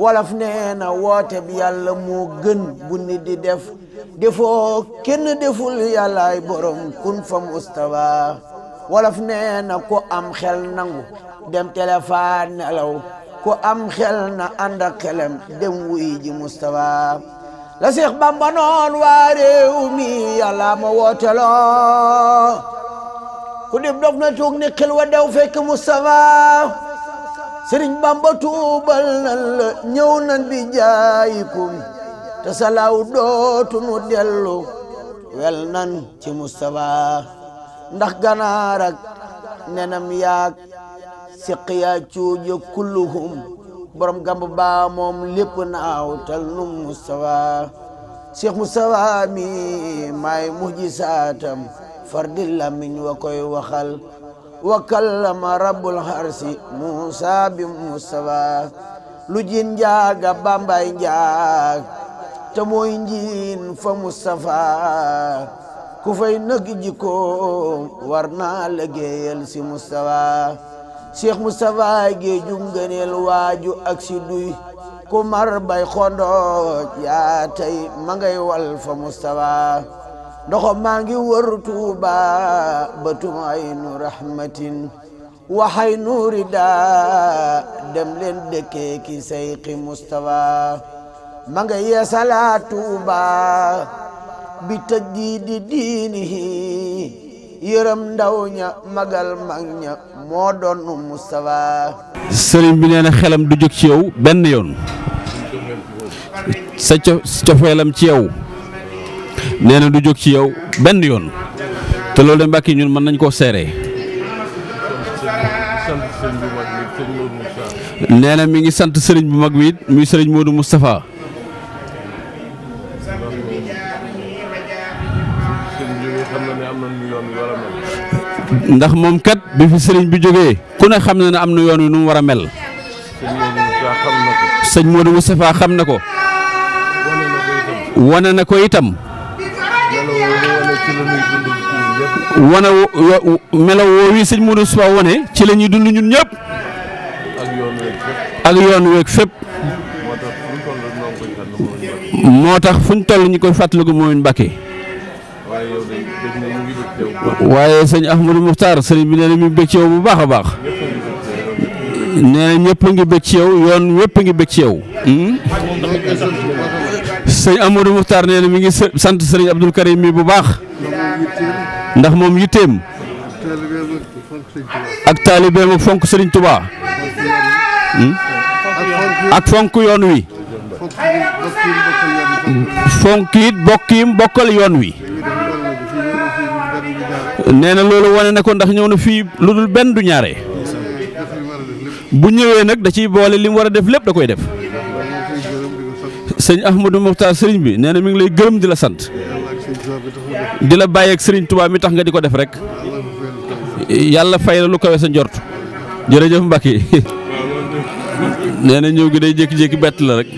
wolof nee na woote bi yàlla moo gën bu nit di def defoo kenn deful yàllaay borom kun fa mustawa wolof nee na ku am xel nangu dem telefaan nelaw ku am xel na ànd ak dem wuy ji mustawa la Seex Bamba noon waa réew mi yàlla ma wooteloo ku dib dof na tuug ni xel wa dew fekk mustawa sëriñ bamba tuubal nan la ñëw nan di jaayikum te salaaw dootunu dellu wel nan ci Mustafa ndax ganaar ak nenam yaag siqiya cuuja kulluhum borom gamba baa moom lépp naaw tal nu Mustafa Cheikh Mustafa mi maay mujjisaatam fardil lamiñ wa koy waxal wa kallama rabbul harsi Musa bi Mustafa lu jin njaaga bambay njaag te mooy njiin fa Mustafa ku fay nag jikkoom war naa liggéeyal si Mustafa Cheikh Mustafa gee junganeel waaju ak si duy ku mar bay xondooj yaa tey ma wal fa Mustafa ndoxo mangi ngi wër tuuba bëtum aynu rahmatin waxay nuuri daa dem len deke ki sayqi mustafa ma nga iya salatu ba bi tajdiidi dinihi yërëm ndawnya magal magnya mo moo mustafa serigne bi neena xelam du jóg ci yow ben yon sa cofeelam ci yow nee na du jóg ci yow benn yoon te loolu de mbàkki ñun mën nañ koo seere nee mi ngi sant sëriñ bu mag bi it muy sëriñ Modou Moustapha. ndax moom kat bi fi sëriñ bi jógee ku ne xam na am na yoon wi nu mu war a mel. sëñ Modou Moustapha xam na ko. wane na ko itam. wane melaw woo wi sëñ Modou Sow ci la dund ñun ñëpp. ak yoon weeg fépp. moo tax fu ñu toll ñu koy fàttaliku mooy Mbàkke. waaye sëñ Ahmadou Mokhtar sëriñ bi nee mi bëgg ci yow bu baax a baax. nee na ñëpp ngi bëgg ci yow yoon ñëpp ngi bëgg ci yow. Hmm? sëñ Ahmadou Mokhtar nee mi ngi sant sëriñ Abdul Karim mi bu baax. ndax moom yitteem ak taalibeem ak fonk Serigne Touba hmm? ak fonk yoon wi fonk it bokk yim bokkal yoon wi nee na loolu wane na ko ndax ñëw na fii lu dul benn du ñaare bu ñëwee nag da ciy boole li mu war a def lépp da koy def sëñ Ahmadou Mokhtar sëriñ bi nee mu ngi lay gërëm di la sant. di la bàyyeeg Serigne Touba mi tax nga di ko def rek yàlla fay la lu kawe sa njort jërëjëf Mbacke nee na ñëw gi day jékki-jékki bett la rek.